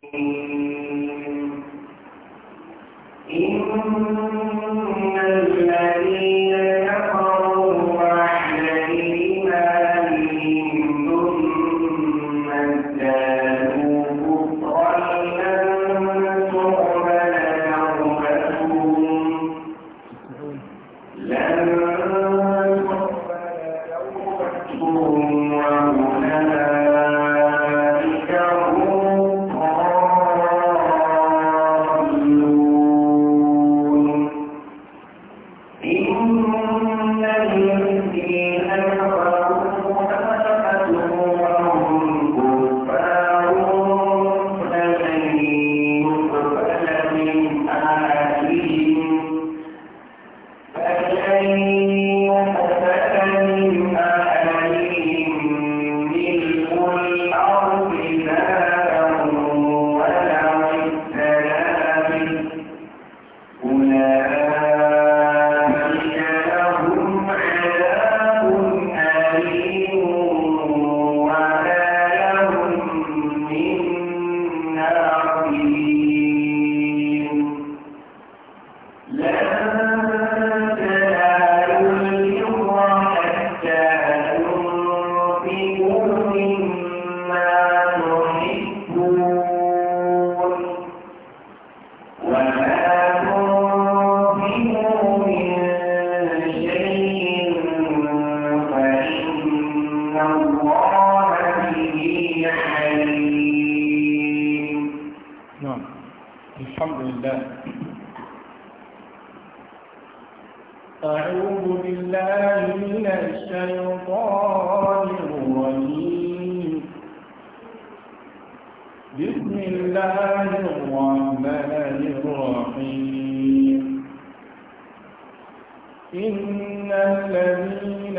إن الذين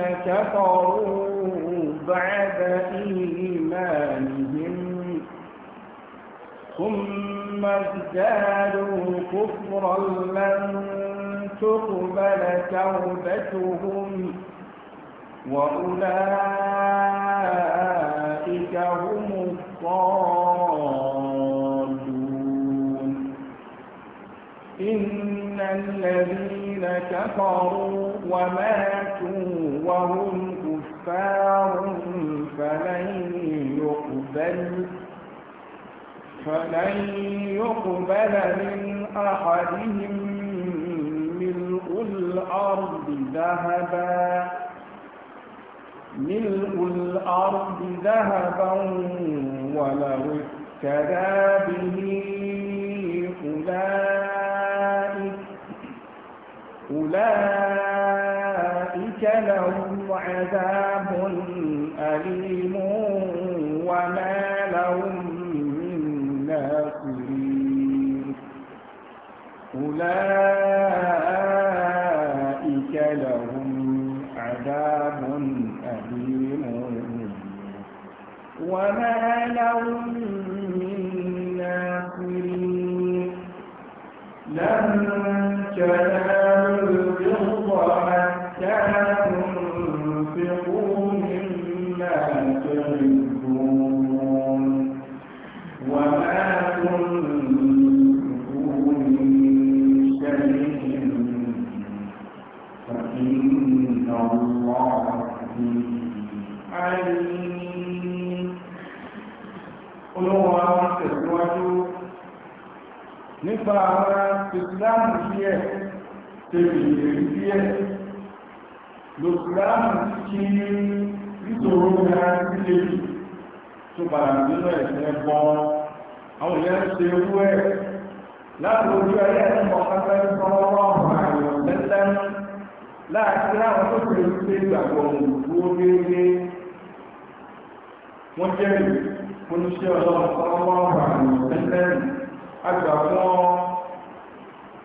كفروا بعد إيمانهم ثم ازدادوا كفرا لن تقبل توبتهم وأولئك هم الضالون إن الذين كفروا وماتوا وهم كفار فلن يقبل فلن يقبل من أحدهم ملء الأرض ذهبا ملء الأرض ذهبا ولو افتدى به أولئك أولئك لهم عذاب أليم وما لهم من ناصرين أولئك لهم عذاب أليم وما لهم من ناصرين لهم كلام البر حتى تنفقوا مما تحبون وما تنفقوا من شيء فإن الله عليم قل هو تزوج نفاق ìsìláàmù díẹ̀ tèbè ìrìn díẹ̀ lòsìláàmù kí nítorò náà sílé tó bàrà nínú ẹ̀sẹ̀ bọ́n àwọn ìyẹn ṣe owó ẹ̀ láti ojú ayé ẹ̀mọ̀ ọ̀pẹ́ sọ́wọ́ àyọ̀ tẹ́tẹ́ láti láwọn tó fèrè pé ìgbàgbọ́ òwúrò déédéé wọ́n jẹ́rìí oníṣẹ́ ọlọ́run sọ́wọ́ àyọ̀ tẹ́tẹ́ àgbà fún ọ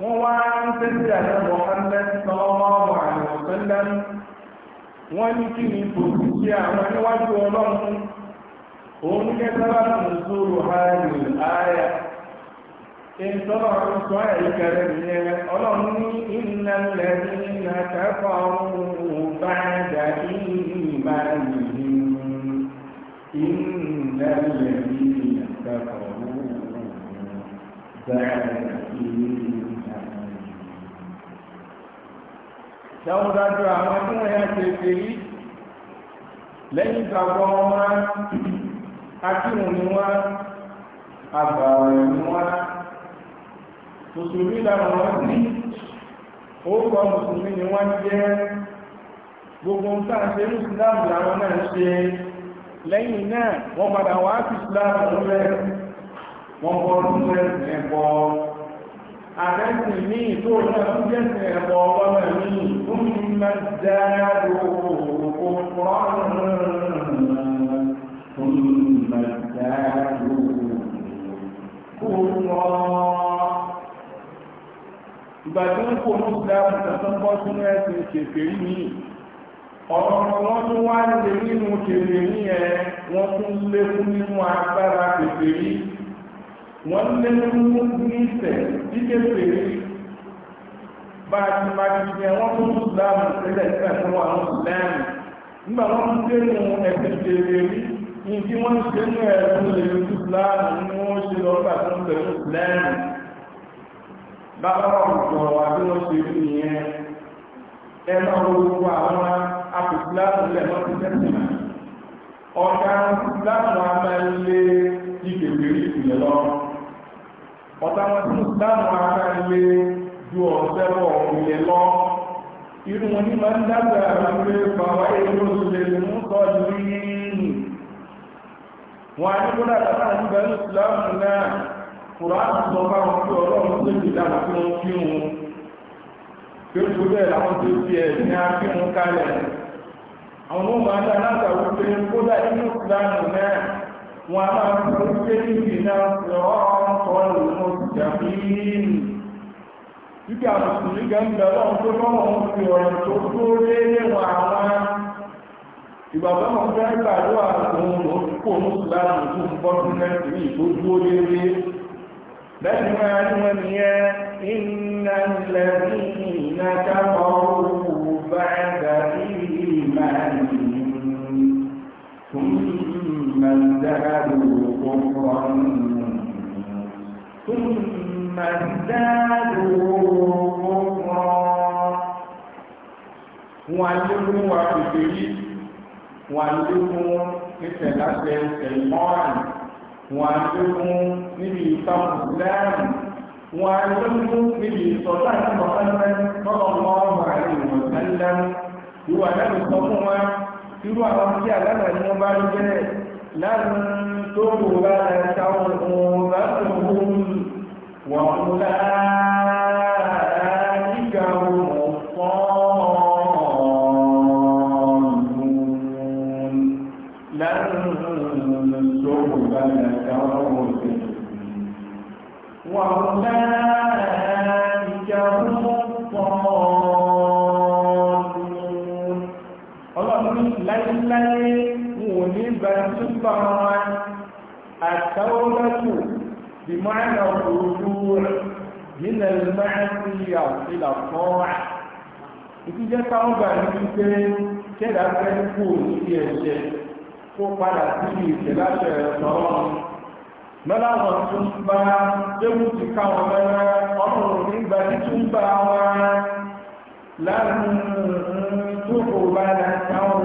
wọ́n wá ń tẹ́sí àjọ Muhammad sallallahu alaihi wa sallam wọ́n ní kí ni tòkù sí àwọn níwájú ọlọ́run òun ní iná dáwọ́dájú àwọn tí wọ́n yá kèèkè rí lẹ́yìn ìgbàgbọ́ wọn ni wọ́n àgbàwẹ̀ ni wọ́n mùsùlùmí ni wọ́n jẹ́ gbogbo nǹkan ṣe mùsùlùmí làwọn náà ṣe lẹ́yìn náà wọ́n padà wá sí islam lọ́rẹ́ wọ́n bọ́ lọ́rẹ́ ẹ̀kọ́ àrẹ́sì ní ìtò náà ń jẹ́sẹ̀ ẹ̀bọ̀ ní ìfúnmọ́ dáadọ́ wọ́n lẹ́nu nífẹ̀ jíké pèrè bá ti bá ti jẹ wọ́n tó tó dáàmù sílẹ̀ sílẹ̀ fún àwọn lẹ́nu nígbà wọ́n ń dé nu ẹ̀sìn pèrè rí ní tí wọ́n ń ṣe nú ẹ̀rù lè tó láàmù ní wọ́n ṣe lọ bá tó ń pẹ̀lú lẹ́nu bàbá ọ̀pọ̀ wà bí wọ́n ṣe rí nìyẹn ẹ máa wo gbogbo àwọn apòsíláàmù lẹ̀ mọ́ ti tẹ̀sìn ọ̀gá ìsìláàmù a máa ń lé ìgbègbè ìpìlẹ̀ lọ́rùn ọ̀tá wọn tí ìsìláàmù ara ilé ju ọ̀sẹ́bọ̀ ilé lọ irú wọn ní máa ń dágbà àrùlé bàwá èrò lè mú sọ lórí wọn a ní kó dàgbà náà ń bẹ ìsìláàmù náà kùrọ̀ á bá wọn ọlọ́run tó ti wọn ó tó bẹ́ẹ̀ láwọn tó ẹ̀ ní akínú àwọn ọmọ adá pé kó ìsìláàmù náà وأن تهدنا صراط المستقيم Ibi àmùsùn ní gẹ̀ǹdà lọ́wọ́ tó lọ́wọ́ fi ọ̀rọ̀ tó tó lé níwà àwọn ìgbàgbọ́ mọ̀ fẹ́ gbàdúrà àwọn olùkó mùsùlùmí ثم ازدادوا كفرا ثم ازدادوا كفرا وعلموا وعلموا وعلموا ìtẹ̀láṣẹ ìtẹ̀lọ́ràn wọn àdókún níbi ìtọ́ ìsìláàmù wọn àdókún níbi ìsọ̀tà ìmọ̀sánlẹ̀ lọ́lọ́mọ́ ààrẹ ìwọ̀sánlẹ̀ ìwà lẹ́nu sọ fún wa irú àwọn tí àlànà ni wọ́n bá لن تقبل توبتهم وأولئك هم الضالون لن تقبل توبتهم وأولئك nípa wọn àtàwọ́lẹ́kù bí من ń rọrùrù nílẹ̀ mẹ́rin àfilà fọ́nà ìfíjẹ́ táwọn gbà ní wípé kẹ́dà fẹ́ kú sí ẹ̀ṣẹ̀ kó padà sí ìṣẹ̀ láṣẹ ẹ̀sọ́rọ̀ lọ́la wọn tún bá débù ti káwọn mẹ́rẹ́ ọmọrùn nígbà tí tún bá wọn láàrin tó kò bá dà táwọn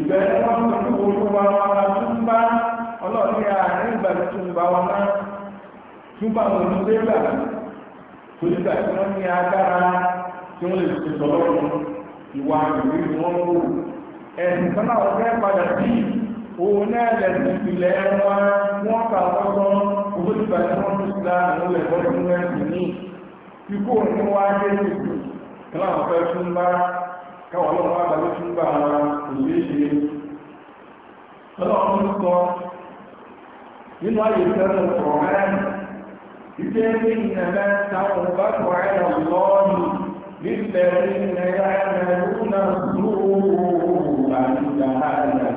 ìbẹ̀rẹ̀ wọn tó ní olúwa wọn la tún bá ọlọ́ọ̀ni àárín ìgbà tó tún bá wọn náà káwọn ọlọ́pàá àgbàlẹ́ tún bá wọn òṣèṣe ọlọ́run sọ nínú ayé tẹ́lẹ̀ kọ̀ọ̀rán ìgbé ní ìnàmẹ́ táwọn bá kọ̀ọ̀rán lọ́ọ̀nù nílẹ̀ nínú ẹ̀yà ẹ̀rúnà lóòrùn àti ìdáhàlà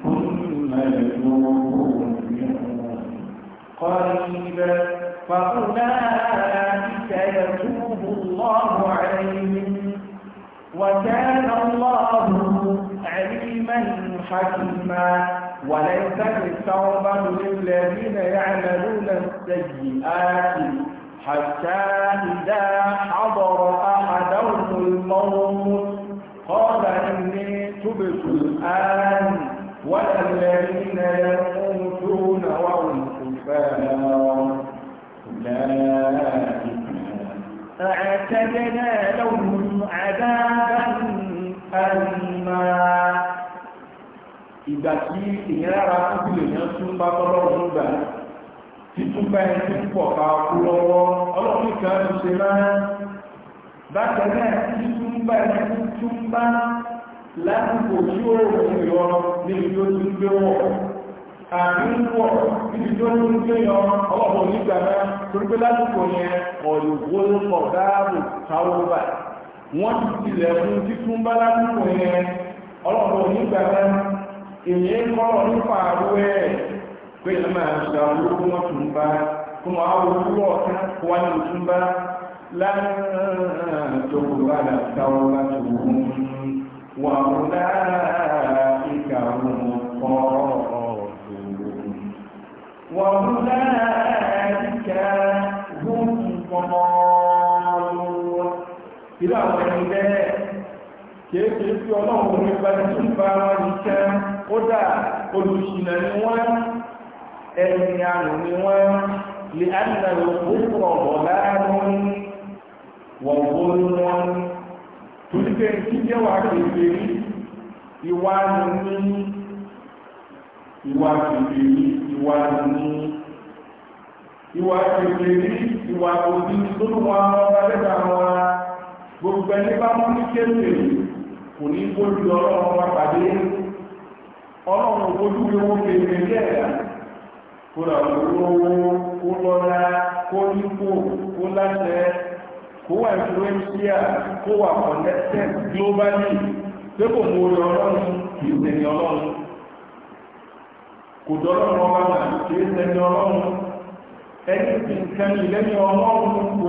fún ìmọ̀lẹ́gbọ̀n قريبا فأولئك يتوب الله عليهم وكان الله عليما حكيما وليست التوبة للذين يعملون السيئات حتى إذا حضر أحدهم الموت قال إني تبت الآن والذين يموتون وهم كفار أولئك أعتدنا لهم عذابا أليما ìgbà tí èèyàn rárá èèyàn tún bá tọ́lọ́run gbà títúbà ẹni tó pọ̀ ká kú lọ́wọ́ ọlọ́run kan na ṣe máa bákan náà títúbà ẹni tún bá tí ó rùn yọ gbé wọ̀ wọ́n ti tilẹ̀ fún títún bá lásìkò yẹn ọlọ́pàá onígbà èyí ń kọ́rọ̀ nípa àwẹ́ pé àwọn ẹni bẹ́ẹ̀ kéèké sí ọlọ́run ní bá tí ń bá wọn ní kẹ́ kódà olùsìnà ni wọ́n ẹni àrùn ni wọ́n lè ánà lòkú ọ̀bọ̀ láàrín wọ̀n bóyú wọn torí pé kí jẹ́ wà kéèké rí ìwà ni ní ìwà kéèké rí ìwà ni ní ìwà kéèké rí ìwà òbí tó lù wọn ọba lẹ́gbàá gbogbo ẹni bá mú ní kò ní bójú ọlọ́run wá pàdé ọlọ́run bójú owó kéèké lẹ́ẹ̀dá kó rà owó kó kó nípò kó láṣẹ kó wà influencia kó wà connected globally pé kò mú orí ọlọ́run kì í sẹ́ni ọlọ́run kò dọ́lọ́run ọba náà kì í sẹ́ni ọlọ́run ẹni tí nǹkan ọlọ́run kò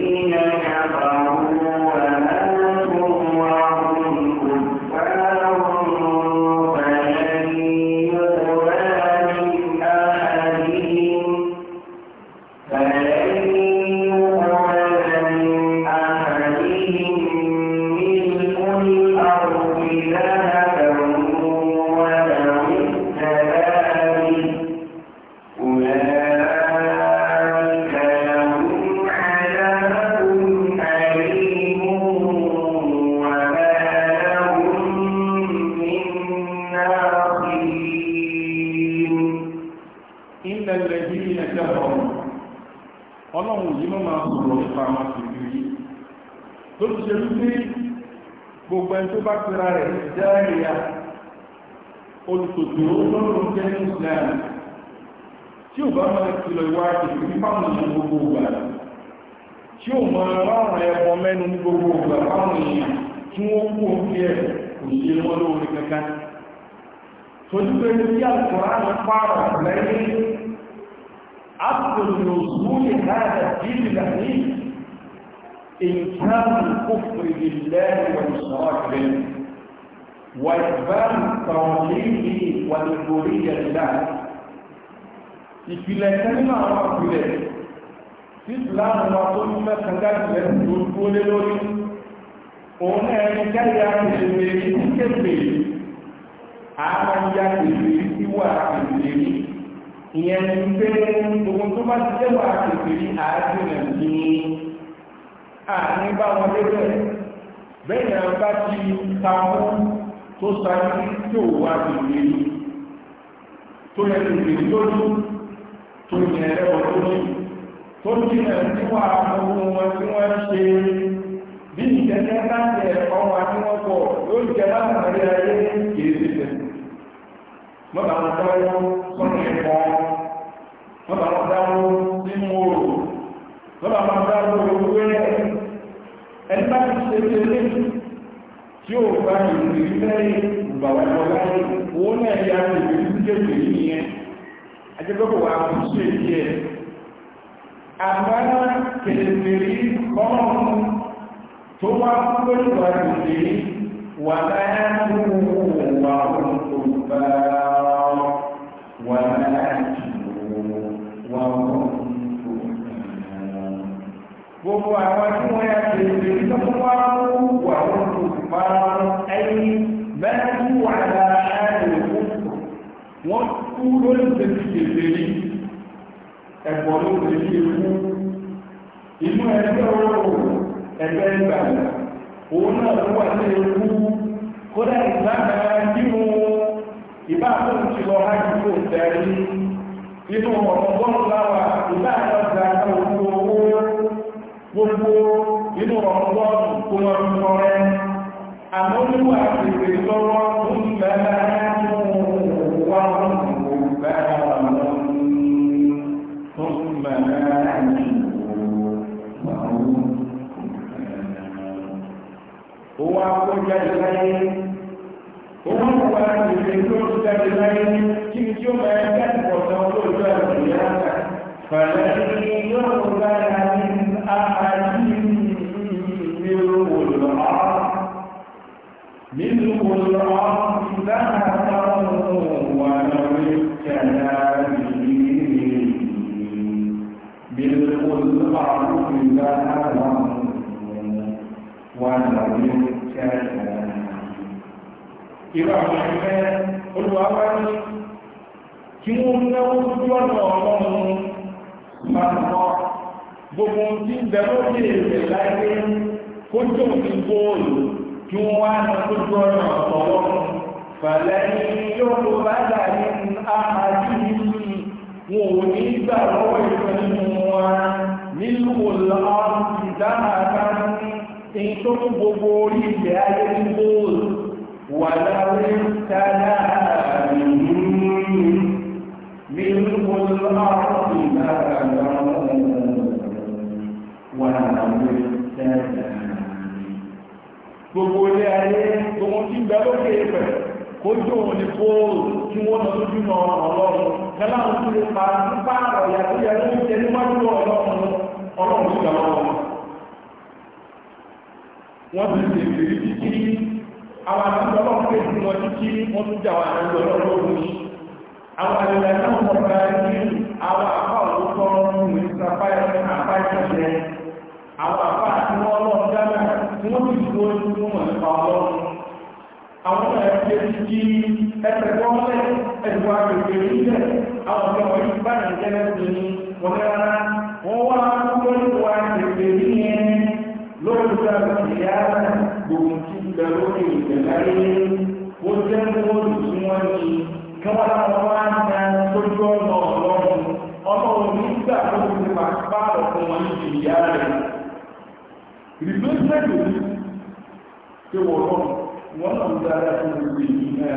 torí pé ní àkùránì pààrọ̀ lẹ́yìn àpòlò òṣùlẹ̀ láàrẹ̀ jíjì lẹ́ní ìjáàmù kófìrì lẹ́yìn ìṣọ́ọ̀rẹ́ wàìbáàmù tàwọ̀lẹ́yìn wàlẹ̀gbòrí yẹ̀dá ìpìlẹ̀ kẹ́lẹ́mà àwọn ìpìlẹ̀ tí ìsìláàmù wa tó ní mẹ́kànlá ìpìlẹ̀ tó gbólé lórí òun ẹni kẹ́lẹ́ àmọ́ ya kèfèrí sí wà kèfèrí ìyẹn ní pé ohun tó bá ndị jẹ́wà kèfèrí àájúnà ní àárín bá wọn lébẹ̀ bẹ́yìn àbá ti tàwọn tó sáré tí ó wà kèfèrí tó yẹ kèfèrí lójú tó yẹ ẹ̀rọ lójú tó jìnà níwà ndị mọ́bà wọn dáwọ́ sọ́nà ẹ̀kọ́ mọ́bà wọn dáwọ́ nínú oòrùn mọ́bà wọn dáwọ́ ewúrẹ́ ẹni bá ti ṣe ṣe lé tí ó bá ìrìnrìn mẹ́rin ìgbàwọ̀ ìgbàwọ̀ owó náà yá ìrìnrìn méjèèjì nìyẹn ajẹ́gbẹ́kọ̀ wà kò ṣe díẹ̀ àbára kèrèmèrè kọ́ọ̀mù tó wá pẹ́lú àgbègbè وماتوا وهم كفار وماتوا وهم كفار gbogbo àwọn tí wọ́n yà ṣe lè tó wá wù àwọn olùpàá ẹ̀yìn mẹ́rin wà lára ẹ̀rọ wọ́n kú lórí ìṣẹ́jú kékeré ẹ̀gbọ́n ló lè ṣe kú inú ẹgbẹ́ oró ẹgbẹ́ ìgbàlá òun náà ló wà ní ewu kódà ìgbàgbà nínú ìbá tó ń ti lọ hajj tó ń tẹ̀lé nínú ọ̀gbọ́n láwà ìbá àgbà gbogbo owó gbogbo nínú ọ̀gbọ́n kó lọ sí ọrẹ àmọ́ níwà tètè lọ́wọ́ tó ń jáde láyé owó ìwà ìrìn tó ń jáde láyé kí ni tí ó máa ń jáde pọ̀tà olóòjọ́ àgbèyà fàlẹ́ yóò lára ní àhàjí nínú olùrọ̀ nínú olùrọ̀ lára ìrọ̀ àwọn ẹgbẹ́ olùwàwá ní kí wọ́n náwó lójú ọ̀nà ọlọ́run pàtàkọ́ gbogbo tí ń bẹ̀rẹ̀ lórí èrè láyé kó jò ní góòlù kí wọ́n wá ní lójú ọ̀nà ọlọ́run fàlẹ́yìn yóò bá dà ní àhàjú yìí wọn ò orí ilẹ̀ ayé ní góòlù ولو gbogbo ilé ayé tòun ti bẹ lókè ẹgbẹ kójú òun ni tí wọn lọ lójú nà Ọlọ́run kẹlá òun lè pa nípa ọyà tó yẹ Ọlọ́run Ọlọ́run títí àwọn àtúntò ọlọ́run pè fún wọn títí wọ́n tún jà wà lórí ọlọ́run ogun ní àwọn àlèlà náà wọ́n bá ní àwọn àpá òkúkọ ọ̀run ní sapá àpá ìṣẹ̀lẹ̀ àwọn àpá àti wọn ọlọ́run dáná tí wọ́n ti dúró ní fún wọn nípa ọlọ́run lóòótọ́ ìyá gbogbo tí ń bẹ lórí ìgbẹ̀láyé ó jẹ́ lóòótọ́ tí wọ́n ní kí wọ́n láwọn wá ń ta sójú ọ̀nà ọlọ́run ọmọ òní gbà tó ti pa pààrọ̀ fún wọn níbi ìyá rẹ̀. ìrìnlẹ́sẹ̀ lòdì tí wọ́n rọ̀ wọ́n náà ń dára fún gbogbo ìlú náà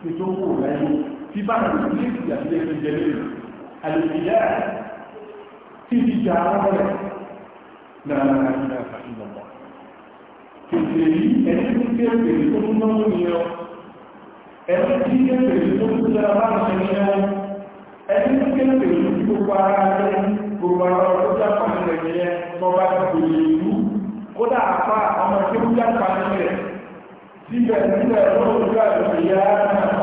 tí tó kù láyé tí bá ń rí ní ìyàtí ẹgbẹ́ jẹ́ lé lára ilẹ̀ àfàìlọ́mọ̀ kèfè yìí ẹni tí kí ẹgbèrè tó ń náwó ní ọ ẹni tí kí ẹgbèrè tó ń tẹ́lá láàrín ní ọ ẹni tí kí ẹgbèrè tó gbogbo ara rẹ gbogbo ara ọjọ́ jápa rẹ̀ ní ẹ lọ́ba ìgbòyè ìlú kódà àpá ọmọ tí ó jápa rẹ̀ síbẹ̀ síbẹ̀ lọ́wọ́ ìgbà ìgbòyà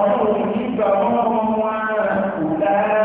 ọmọ òun nígbà ọmọ ọmọ wọn kò dáa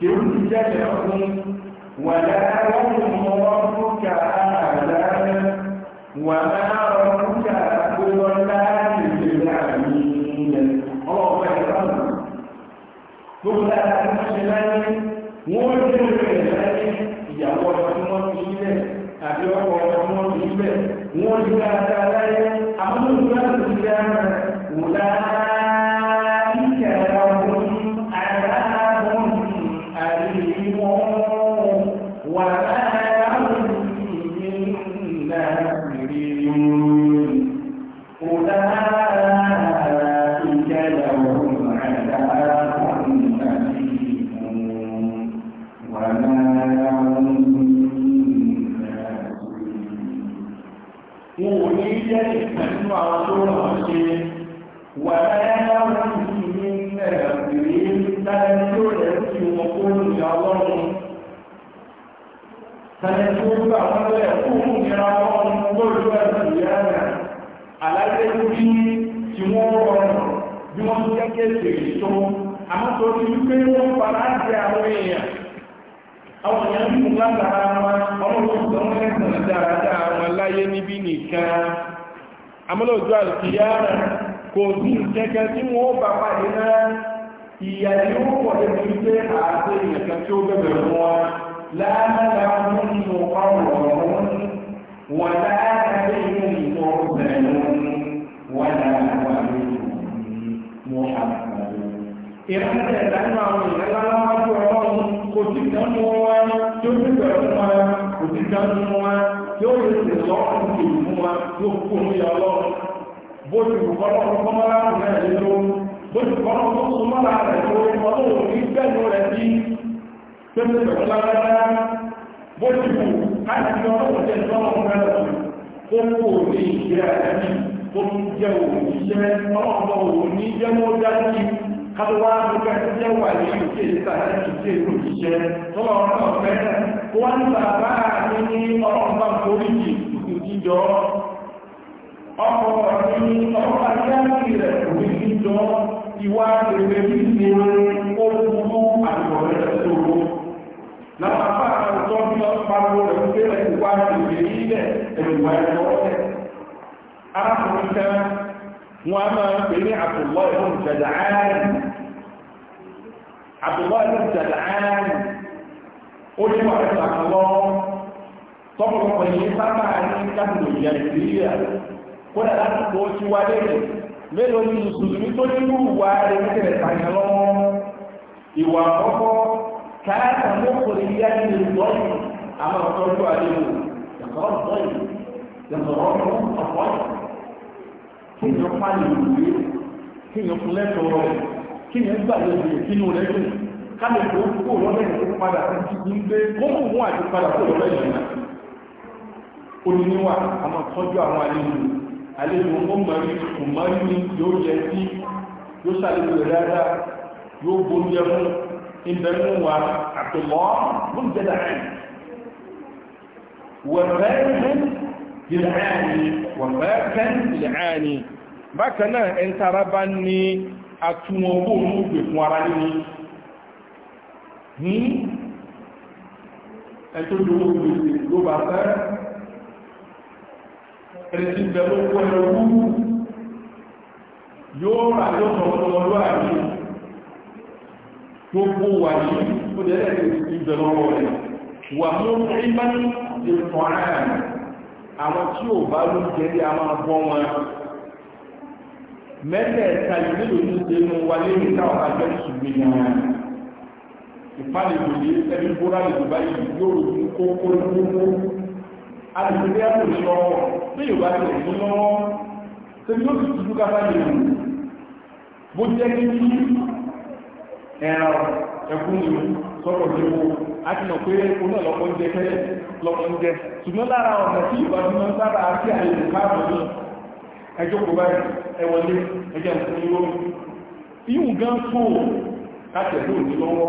kìí ti jẹ́jẹ́ fún wàlẹ́ ọ̀hún ọ̀rọ̀kùnkà àlàáyé wàlẹ́ ọ̀rọ̀kùnkà gbogbo láàrin ìlera mi ilẹ̀ ọlọ́ọ̀pẹ́ ìlànà gbogbo láàrin ìṣẹ́ láyé wọ́n ń dúró rẹ̀ láyé ìyàwó ọ̀rọ̀ tí wọ́n fi ilẹ̀ àti ọkọ̀ ọ̀rọ̀ tí wọ́n fi ilẹ̀ wọ́n kan tí wọ́n bá pàdé náà ìyà ni ó pọ̀ lẹ́nu wípé àti èèyàn kan tí ó bẹ̀rẹ̀ fún wa láàmúlá nínú ọrùn ọ̀run wọ́n láàárín inú ìtọ́ bẹ̀rẹ̀ wọ́n láàárín wà ní mọ́ àpàdé. ìrìnàjò ìdájọ́ àwọn ìrẹ́lá wájú ọlọ́run kò sí kan mú wa tí ó bẹ̀rẹ̀ fún wa kò sí kan mú wa tí ó lè ṣe lọ́rùn kì í mú wa tí wa ti o kú ní ọlọ́run bójú ọlọ́run náà fẹ́ wọ́n ń bàbá ní ọlọ́run bá ń forí jì ìjọ ọkọ̀ ní ọkọ̀ àjáàkì rẹ̀ òní kódà láti kó tí wá lérè mélòó ní mùsùlùmí tó nínú ìwà rẹ̀ ń tẹ̀lé pàyàn lọ́wọ́ ìwà àkọ́kọ́ káàkà mọ́kùnrin yá ní ya àwọn ọ̀tọ́jú àlejò ẹ̀kọ́ ọ̀tọ́yì ẹ̀kọ́ ọ̀tọ́yì kéèyàn padà sí ti ń gbé àti padà kó àwọn ọ̀tọ́jú àwọn àlejò ọmọrí ọmọrí ni yóò jẹ sí yóò sàlejò rẹ̀ dáadáa yóò gbóúnjẹ fún ìbẹ̀rún wa àtùmọ́ fún ìjẹta ẹ̀ wọ̀fẹ́ẹ́fẹ́ ìlàáni wọ̀fẹ́ẹ́fẹ́ ìlàáni bákan náà ẹn tara bá ní atúnwọ̀n owó mú gbè fún ara nínú hmm? ẹ̀tọ́jú ló bá fẹ́ẹ́ ẹ̀rẹ̀sí ìbẹ̀rẹ̀ owó ẹ̀rọ wúrú yóò rà yóò sọ ọlọ́rọ̀ àti gbogbo wà ní ó dẹ̀ ìbẹ̀rẹ̀ ọwọ́ rẹ̀ wà mú ìmánú lè fọ́ ààrẹ àwọn tí ò bá ló jẹ́ bí a máa bọ́ wọn mẹ́tẹ̀ẹ̀ta ìlú ní ìdènà wà lórí táwọn àjọ ìṣùgbìn náà ìfàlẹ̀ ìlú ẹni bóra lè dùbá yìí yóò rò ní kókó ní kókó alùpùpù ẹ̀kọ́ ìṣọ́wọ́ tí yóò bá ti ẹ̀kọ́ lọ́wọ́ tí yóò sì tuntun kápá lè mú bó jẹ́ kí ní ẹ̀rọ ẹ̀kún ìlú sọ̀rọ̀ léwo a ti pé oní ọ̀lọ́pọ̀ ń jẹ tẹ́lẹ̀ lọ́pọ̀ ń jẹ ṣùgbọ́n lára ọ̀nà tí ìwà tí wọ́n sábà sí àyẹ̀wò káàbọ̀ ní ẹjọ́ kò báyìí ẹwọlé ẹjẹ́ nǹkan ní lórí ìhùn gan fò láti ẹ̀dọ́ òní lọ́wọ́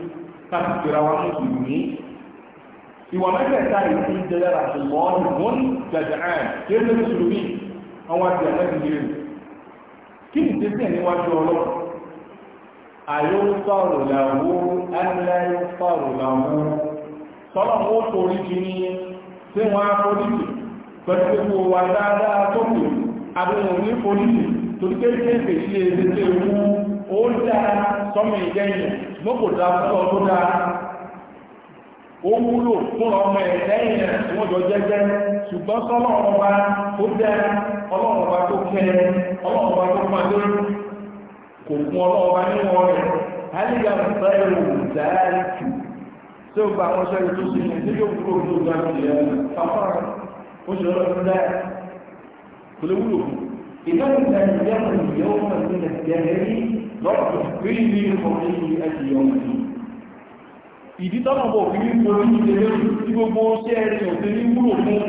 káàkiri jọra wa mùsùlùmí ìwà mẹ́tẹ̀ẹ̀ta ìsìn jẹjẹ àti mọ́ọ̀nù wọn jàjà àn kí ẹgbẹ́ mùsùlùmí àwọn àti àmẹ́bí yẹn kí ni tẹ́sí ẹ̀ níwájú ọlọ́ àyọ́sọ̀rọ̀ làwọ́ ẹlẹ́yọ́sọ̀rọ̀ làwọ́ sọ́lọ̀ ó torí ti ní tí wọ́n á fọ́díkì pẹ̀lú gbogbo wa dáadáa tó kù àbúrò ní fọ́díkì torí kéèkéèké sí ẹgbẹ́ ó dáa sọ́mọ ìdẹ́yìn mọ́ kò dáa fún ọdún dáa ó wúlò fún ọmọ ìdẹ́yìn rẹ̀ tí wọ́n jọ jẹ́jẹ́ ṣùgbọ́n sọ́mọ ọba tó dáa ọlọ́run ọba tó kẹ́ ọlọ́run ọba tó pàdé kò fún ọlọ́run ọba níwọ̀n rẹ̀ hálíyà fẹ́ ìròyìn tí ó gba àwọn ṣẹ́rì tó sílẹ̀ tí yóò kúrò ní ọjọ́ ìrìn àpapọ̀ ó ṣe lọ́rọ̀ dá kò lè wúlò fún ìdáhùn ìdáhùn ìdáhùn ìyẹ́wò náà nílẹ̀ ìyẹ́rẹ́ yìí lọ́pù rí ní ọdún ẹ̀sì ọmọdé ìdí tọ́nàbọ̀ fi ní orí ìdílé tí gbogbo ṣẹ́ ẹ̀rẹ́ òfin ní wúlò fún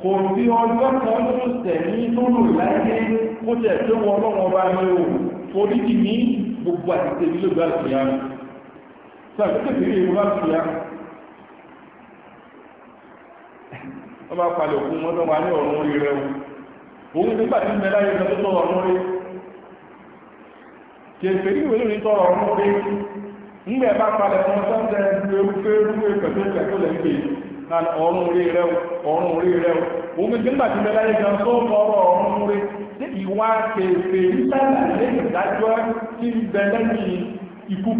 kò sí ọjọ́ kan tó tẹ̀ ní lóòrò láyé kó tẹ̀ tó wọ́n lọ́wọ́ bá ní o torí kì ní gbogbo àtìsẹ́ ilé ìgbà ìfìyà sàgbẹ́kẹ̀kẹ̀rẹ̀ ìwọ́n bá fìyà wọ́n bá palẹ̀ òkú mọ́tọ́ wa ní ọ̀run orí rẹ̀ òun nígbà tí mẹ́láyé lọ́tọ́ ọ̀run orí kèfè ní ìwé lórí tọrọ ọmọ pé ńgbẹ̀ bá palẹ̀ wọn sọ́ndẹ̀ ẹgbẹ̀ ewúfẹ́ rúwé pẹ̀lú ìpẹ̀kọ́ lẹ́ ń pè na ọrùn orí rẹ̀ ọrùn orí rẹ̀ omi tí nígbà tí bẹ́lá yẹ gan tó kọrọ ọrùn orí tí ìwà kèfè nígbàlá lè dájọ́ tí ń bẹ lẹ́yìn ikú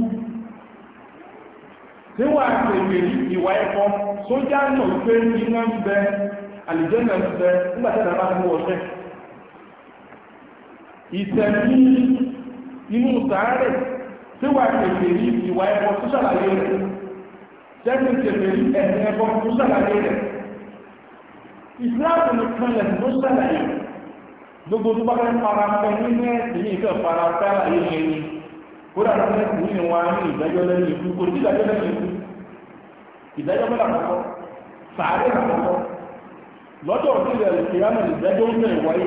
tí wà kèfè ìwà ẹ̀kọ́ sójà náà pé iná ń bẹ àlìjẹ́nà ń bẹ nígbà tí inú sàárẹ̀ tí wà kèfèrí ìwà ẹbọ tó ṣàlàyé rẹ̀ jẹ́sì kèfèrí ẹ̀sìn ẹbọ tó ṣàlàyé rẹ̀ ìsìláàmù nìkan lẹ̀ tó ṣàlàyé gbogbo tó bá fẹ́ fara pẹ́ nínú ẹ̀sìn ní ìfẹ́ fara pẹ́ àlàyé yẹn ni kódà tó fẹ́ kú ní wa ní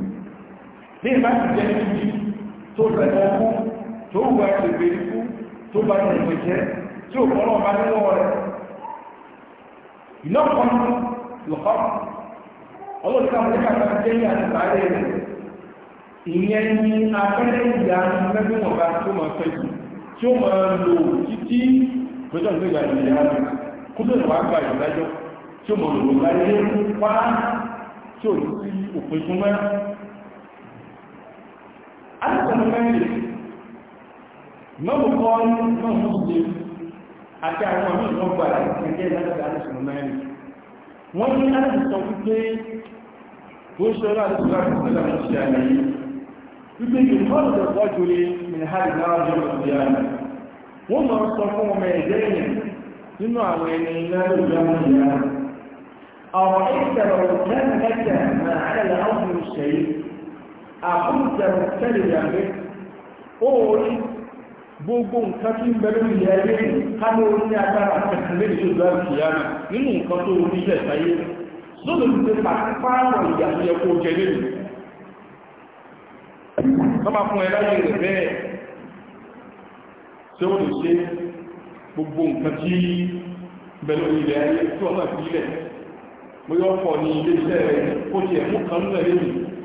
ní ìbá ti jẹ́ níbi tó rẹ̀mọ́ kú tó wà ìgbè ikú tó bá ní ìwé jẹ́ tí ò kọ́ lọ́ọ̀bá ní rẹ̀ ní tí ó mọ̀ láyé wá tí òpin fún mẹ́rin أنت مملك ما هو قال ما هو مضيف أتى هو من غبرة من جهة هذا قال اسمه مملك وأنا أنا مستوفيت وشرع الإسلام في كل مسلم الرجل من هذا الرجل الديانة وما صفوه من زين إنه أمين لا يجامعنا أو إذا لو كان هذا ما على الأرض الشيء àkúnjẹ tẹ́lẹ̀ yàgbé ó orí gbogbo nǹkan tí ń bẹ lórí ẹ̀rí kánú orí agbára tẹ̀sílẹ̀ ìjọba ìyára nínú nǹkan tó orí ilẹ̀ sáyé lóòrò ti ìyàtọ̀ jẹ fún rẹ̀ bẹ́ẹ̀ tí ó lè ṣe gbogbo nǹkan tí bẹ lórí ilẹ̀ ayé tí wọ́n náà fi ilẹ̀ bóyá ọkọ̀ ní ilé iṣẹ́ rẹ̀ kó kan lẹ́yìn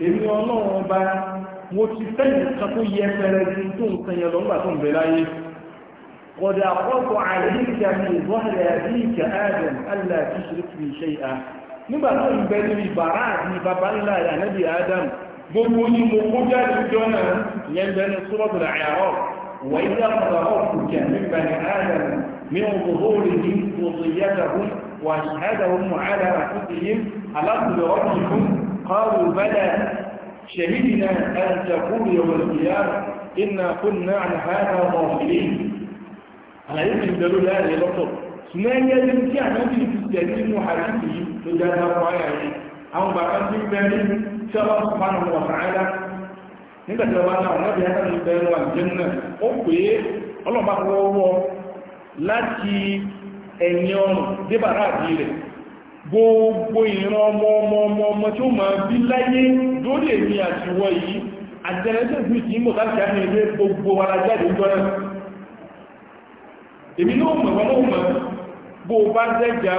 èmi ọlọ́run ọba mo ti fẹ́yìn kan tó yẹ fẹ́rẹ́ ju tó nǹkan yẹn lọ́gbà tó ń bẹ láyé kọ̀dà àkọ́kọ́ àìríkà ní ìbọ́lẹ̀ àríkà adam allah ti ṣe fi ṣe à nígbà tó ń bẹ níbi bàrá àti bàbá ńlá ànábì adam gbogbo ní mo kó jáde jọ náà yẹn bẹ ní suratul a'raf وإذا قضاؤك من بني آدم من ظهورهم وصيتهم وأشهدهم على أنفسهم ألست بربكم ọ bụ snaeeụlọba lati enye ọnụ debarale gbogbo ìran ọmọ ọmọ ọmọ ọmọ tí ó máa bí láyé lórí èmi àtiwọ́ yìí àtẹ́rẹ́sẹ̀ fún ìtìmọ̀ láti àmì ilé gbogbo ara jáde gbọ́rẹ̀ èmi náà mọ̀ wọ́n náà bó bá arú ẹ̀ tó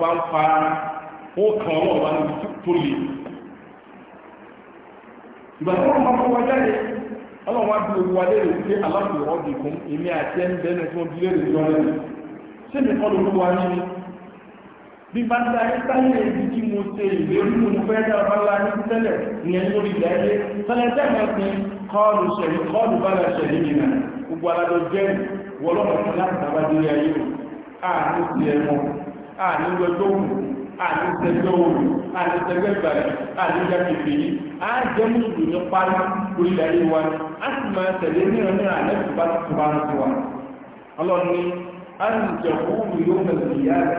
bá ń ó kàn bí bá ta ẹ́sáyé ibi tí mo ṣe ìwé orílẹ̀ mo fẹ́ dára bá lára ní tẹ́lẹ̀ ìyẹn lórí ilẹ̀ ayé tẹ́lẹ̀ tẹ́lẹ̀ sí kọlù ṣẹ̀lẹ̀ kọlù bá la ṣẹ̀lẹ̀ jìnà gbogbo alájọ jẹ́ wọlọ́pọ̀ fún láti bàbá délé o àní ti ẹ̀mọ́ àní lọ́jọ́ òun àní tẹ́jọ́ òun àní tẹ́jọ́ ìbàlẹ̀ àní ìjà kìfì yìí á jẹ́ mùsùlùmí ọlọ́ni á ń jẹ̀kú mi yóò mẹ́sì yára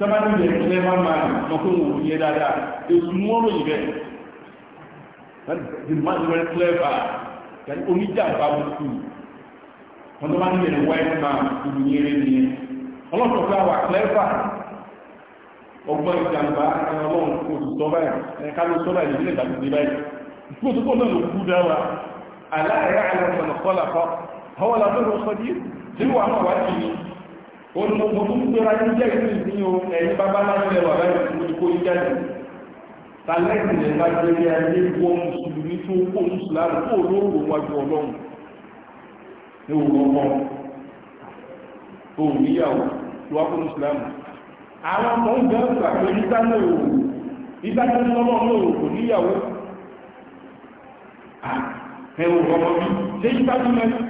tọ́mọ́tò jẹ́ ìpínlẹ̀ máa máa mọ́kún wò yẹ dáadáa èsù mú ọ̀rọ̀ yìí bẹ́ẹ̀ the man very clever yàtí oníjà bá wù sí wọn tó máa ń white wáyé máa ìlú yẹn rẹ nìyẹn ọlọ́pàá fún àwọn clever ọgbọ́n ìjàmbá ọlọ́run kò tó sọ báyìí ká ló sọ báyìí nílẹ̀ tàbí sí báyìí kó tó kó náà ló kú dá wa aláàrẹ àlọ́ ọ̀nà kọ́lá kọ́ àwọn làbẹ́rẹ̀ ọ̀sọ́ yìí tí wàá máa wá sí ni mo tún gbéra ní jẹ́ ìlú ìsìn o ẹ̀yìn bàbá láti lẹ́wà báyìí mo ti kó yí jáde tàlẹ́sì lè bá jẹ́ bí ayé wọ mùsùlùmí tó kó mùsùlùmí kó olóòrò wájú ọlọ́run ní òwúrọ̀ ọmọ òun níyàwó tó wá kó mùsùlùmí àwọn ọmọ ń bẹ̀rù pàtó nígbà náà o nígbà tó ń lọ́wọ́ náà o kò níyàwó ẹ̀ òwúrọ̀ ọmọ bí ṣé ìgbà tó mẹ́rin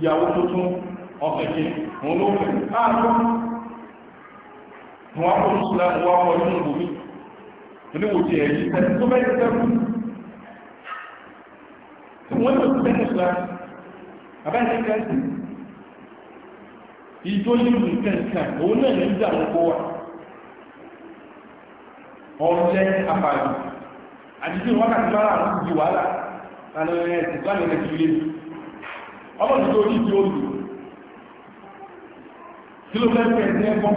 ìyàwó tuntun ọ̀fẹ̀kẹ́ wọn ló fẹ̀ ààbò wọn kò ṣùlá wọn kọ inú ìbòmí oníwò ti ẹ̀yí tẹ́lú tó bẹ́ẹ̀ tẹ́lú tí wọ́n tó bẹ́ẹ̀ ṣùlá abẹ́ẹ̀ṣẹ́ kẹ́sì ìjọ yìí nìkẹ́ǹkẹ́ òun náà ní ìjà lóko wa ọ̀rẹ́ àpàdé àdìsí wákàtí mára àwọn ìdí wàhálà lánàá ẹ̀ ọlọ́dún tó ní ti ó kí ló fẹ́ fẹ́ ní ẹ̀kọ́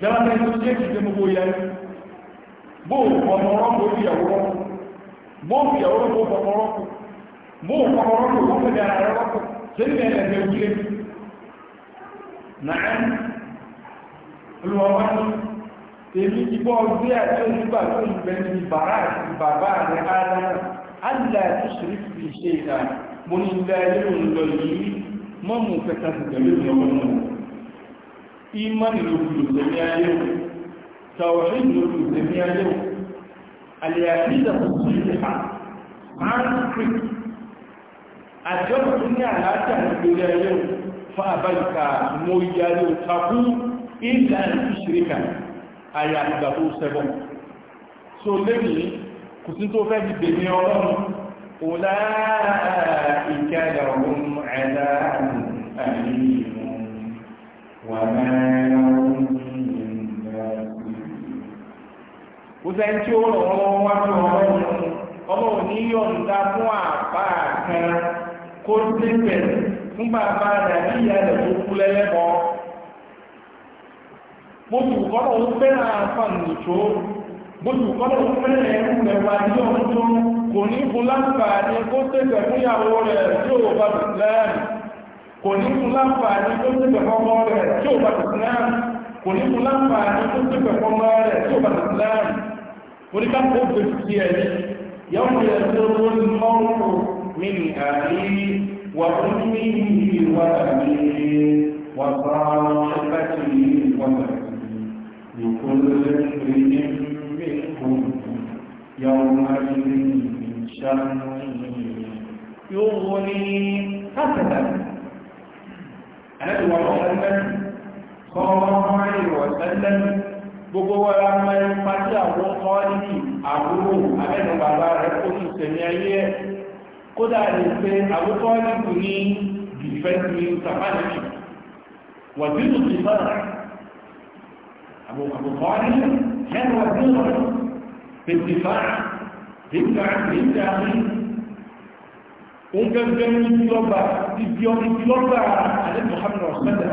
jẹ́lábẹ́ tó jẹ́ gbogbo ya bó ọmọ ọlọ́pọ̀ ó fìyàwó rọ́pù bó fìyàwó rọ́pù ọmọ fẹ́ dára rọ́pù ṣe wílé èmi ọdún àti onígbà tó ń bàbá rẹ̀ mo ní ilẹ̀ ẹlẹ́rù ń lọ yìí mọ́mù kẹta ti tẹ̀lé ìrọ̀lọ́mù ìmọ̀nì lókùlù tẹ̀mí ayéwò tàwọ̀rí lókùlù tẹ̀mí ayéwò àlẹ́yàfíìdà tó sí ìhà àrùn kìí àjọ́bù tó ní àlàájá lókùlù ayéwò fún àbáyíká mo yàrá òtàkú ìlà ìṣìríkà àyà ìgbà tó sẹ́bọ̀ so lẹ́yìn kò sí tó fẹ́ أولئك لهم عذاب أليم وما لهم tí ó rọ̀ wọ́n wá tó ọlọ́run, ọlọ́run ọrụ yọ̀ǹda fún àpá kan kó fún bàbá rẹ̀ ní ìyá rẹ̀ tó kú Mo tù fẹ́ràn àpá bójú kọ́lọ̀ fẹ́rẹ̀ ẹ̀rù rẹ̀ wà ní ọdún kò ní fún láǹfààní kó tẹ́gbẹ̀ fúnyàwó rẹ̀ tí ó bá ti lẹ́ẹ̀mù kò ní fún láǹfààní kó tẹ́gbẹ̀ fọ́mọ rẹ̀ tí ó bá ti lẹ́ẹ̀mù kò ní fún láǹfààní kó tẹ́gbẹ̀ fọ́mọ rẹ̀ tí ó bá ti lẹ́ẹ̀mù oníkàkó gbèsè sí ẹ̀yí yọ́n ti ẹ̀sẹ̀ owó ní mọ́rùn-ún mi ní àrí wà fún mi ní wà àmì wà bá wọn ẹgbẹ́ tí wọ́n ti yòókù lórí يومئذ شر يغني هكذا أنا ومحمد صلى الله عليه وسلم gbogbo wa la mọ ipa tí àwọn kọ́ọ̀lì àbúrò abẹ́nu bàbá rẹ̀ kó ní ìsẹ̀mí ayé ẹ̀ kódà lè fèsìfà nígbà nígbà ní oúnjẹ́gbẹ́ ní ìlọ́gbà ibi ọdún ìlọ́gbà alẹ́ Muhammad ọ̀sẹ́lẹ̀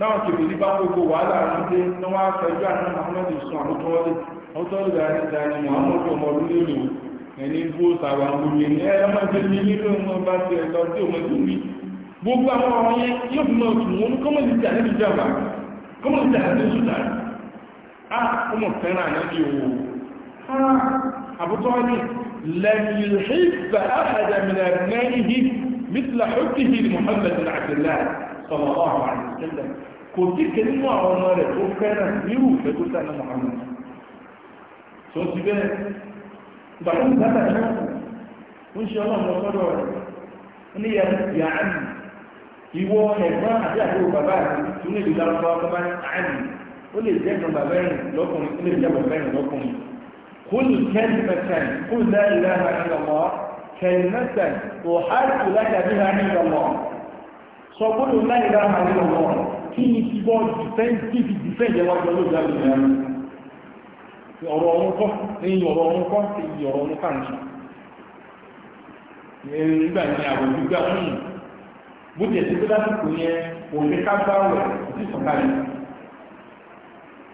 náà kìí ní bá gbogbo wàhálà àrùndé ní wọ́n fẹ́jú àwọn Muhammad sùn àmútọ́lẹ̀ ọ̀tọ́lẹ̀ àrẹ́dàní Muhammad ọmọ orílẹ̀-èdè ẹni bó sàwà gbogbo ẹni ẹlẹ́mọ̀tẹ́ ní nílò ọmọ bá ti ẹ̀lọ́ tí ó mẹ́tò wí gbogbo àwọn ọ̀rọ̀ yẹn yóò fi mọ̀ tún wọn kọ́mọ̀lì tí àlẹ́ ìjọba kọ́mọ̀lì tí àlẹ́ ìjọba ah ọmọ fẹ́ràn àlẹ́ ìwò أبو طالب لم يحب أحد من أبنائه مثل حبه لمحمد بن عبد الله صلى الله عليه وسلم كنت كلمة عمر وكان يرو فقلت أنا محمد صوت بيه بعدين هذا وإن شاء الله ما صار yà á nì ìwọ ẹ̀gbọ́n àti هو bàbá rẹ̀ tún lè lọ́wọ́ bàbá rẹ̀ àánì ó lè jẹ́ ẹ̀gbọ́n bàbá rẹ̀ lọ́kùnrin قل كلمة قل لا إله إلا الله كلمة أحاج لك بها عند الله سأقول لا إله إلا الله كي تبقى دفن كيف دفن يا رب الله جل جلاله ọ̀rọ̀ ọ̀run kọ́ ní ọ̀rọ̀ ọ̀run kọ́ sí ọ̀rọ̀ ọ̀run kàǹṣì nígbà ní àwọn ìgbà fún yìí bó tiẹ̀ sí pé lásìkò yẹn òfin ká bá wẹ̀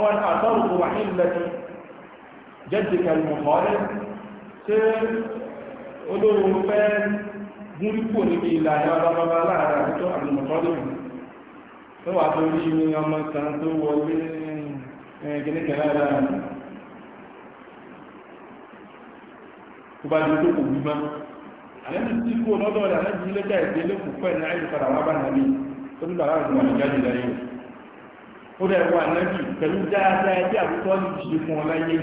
wọ́n àtọ́rùkù wà ní ìlẹ́tì jẹ́dìkà ìmọ̀kọ́rẹ́ tí olóòrùn fẹ́ gúnrípò níbi ìlànà ọlọ́bàbà láàrin àtútọ́ àmìmọ̀kọ́rẹ́ tó wà tó rí ní ọmọ kan tó wọlé gẹ́gẹ́gẹ́gẹ́ láàrin tó bá di tó kò gbígbá àlẹ́bí tí kò lọ́dọ̀ rẹ̀ àlẹ́bí ilé ó dẹ̀ wà nábì pẹ̀lú dáadáa tí àbúkọ́ ní ìṣe fún ọ láyé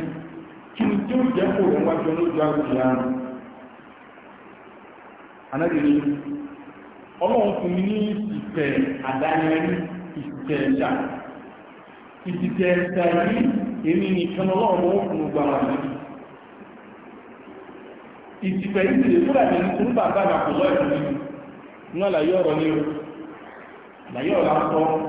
kí ni tí ó jẹ́ kó wọn wá jọ lójú àwùjọ àrùn anábìrin ọlọ́run fún mi ní ìfẹ́ àdáyẹrí ìfẹ́ ẹ̀dá ìfẹ́ ẹ̀dá yìí èmi nìkan ọlọ́run ó fún gbà wọn lẹ́yìn yìí lè fúra ní ní ọ̀rọ̀ ní o ọ̀rọ̀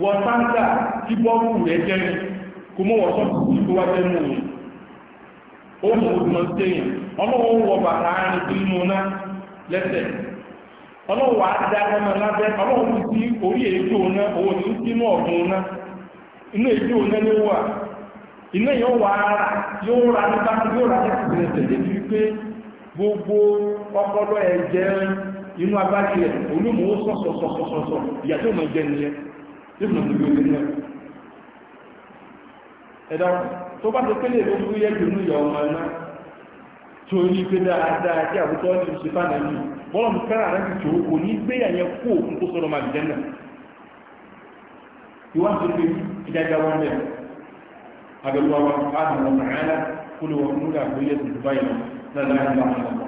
wọ sáńtà tí bọ́ọ̀kù rẹ̀ jẹ́ kò mọ́ wọ́n sọ́kù tí kó wá jẹ́ mú ó mú un mọ́ ọlọ́wọ́ wọ bàtà àárín tí ná lẹ́sẹ̀ ọlọ́wọ́ wà á dá ọmọ lábẹ́ ọlọ́wọ́ ti sí orí ètò ná owó ní sínú ọ̀gbun ná inú ètò ìbùnà tó gbé nínú ẹ̀dá tó bá ti pélé ló fún yẹ́ jùlọ ìyà ọmọ ẹ̀ná tó ní pé dáadáa tí àbútọ́ ní ṣe fà náà yìí bọ́lọ̀ mú kára rẹ̀ tó kò ní gbé àyẹ kó òkun tó sọ́rọ̀ màbí ìdájá wọn wa fáàmù ọmọ kó tuntun báyìí náà láàrín láwọn ọmọ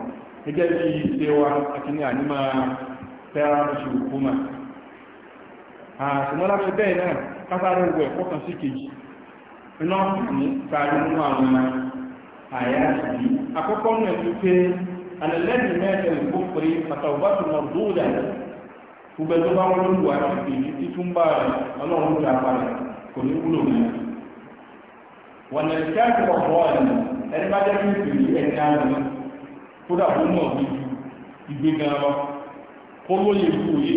ẹgbẹ́ bí ìṣe wa àti ní ànímà àṣìmọ́ lábẹ́ bẹ́ẹ̀ náà kásáré owó ẹ̀kọ́ sí kejì iná ní parí mú àwọn àyà yìí àkọ́kọ́ náà ti pé alẹ́lẹ́dì mẹ́ẹ̀kẹ́ ìkó bá wọ́n àti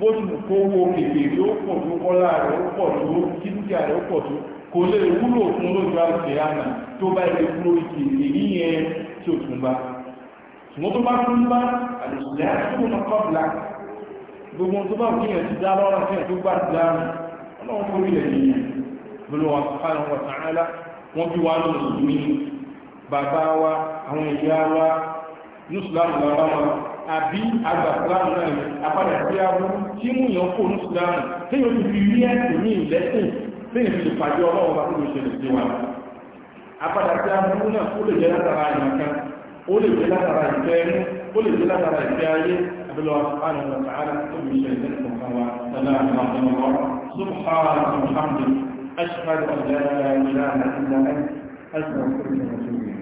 bó tún kó wo kèfè rí ó pọ̀ tó kọ́lá rẹ̀ ó pọ̀ tó kíníkà rẹ̀ ó pọ̀ tó kò lè wúlò fún lójú àrùsẹ̀ àmà tó bá ilé kúrò ìkèfè rí yẹn tí ó tún bá ṣùgbọ́n tó bá tún bá àlùsílẹ̀ àtúntò náà kọ́bla gbogbo tó bá fi hàn ti dá lọ́rọ̀ fẹ́ tó gbà ti dá ọlọ́run àbí àgbà ìsìlámù náà ni apádà sí abú tí mú yàn kó ní ìsìlámù tí yóò fi rí ẹ̀sìn ní ìlẹ́sìn tí yóò fi pàdé ọlọ́run bá kúrò ìṣẹ̀lẹ̀ sí wa apádà sí abú náà ó lè jẹ́ látara ìmọ̀kan ó lè jẹ́ látara ìfẹ́ ẹnu ó lè jẹ́ látara ìfẹ́ ayé أبلغ سبحانه وتعالى كل شيء لكم فهو سلام رحمه الله سبحانك وبحمدك أشهد أن لا إله إلا أنت أستغفرك وأتوب إليك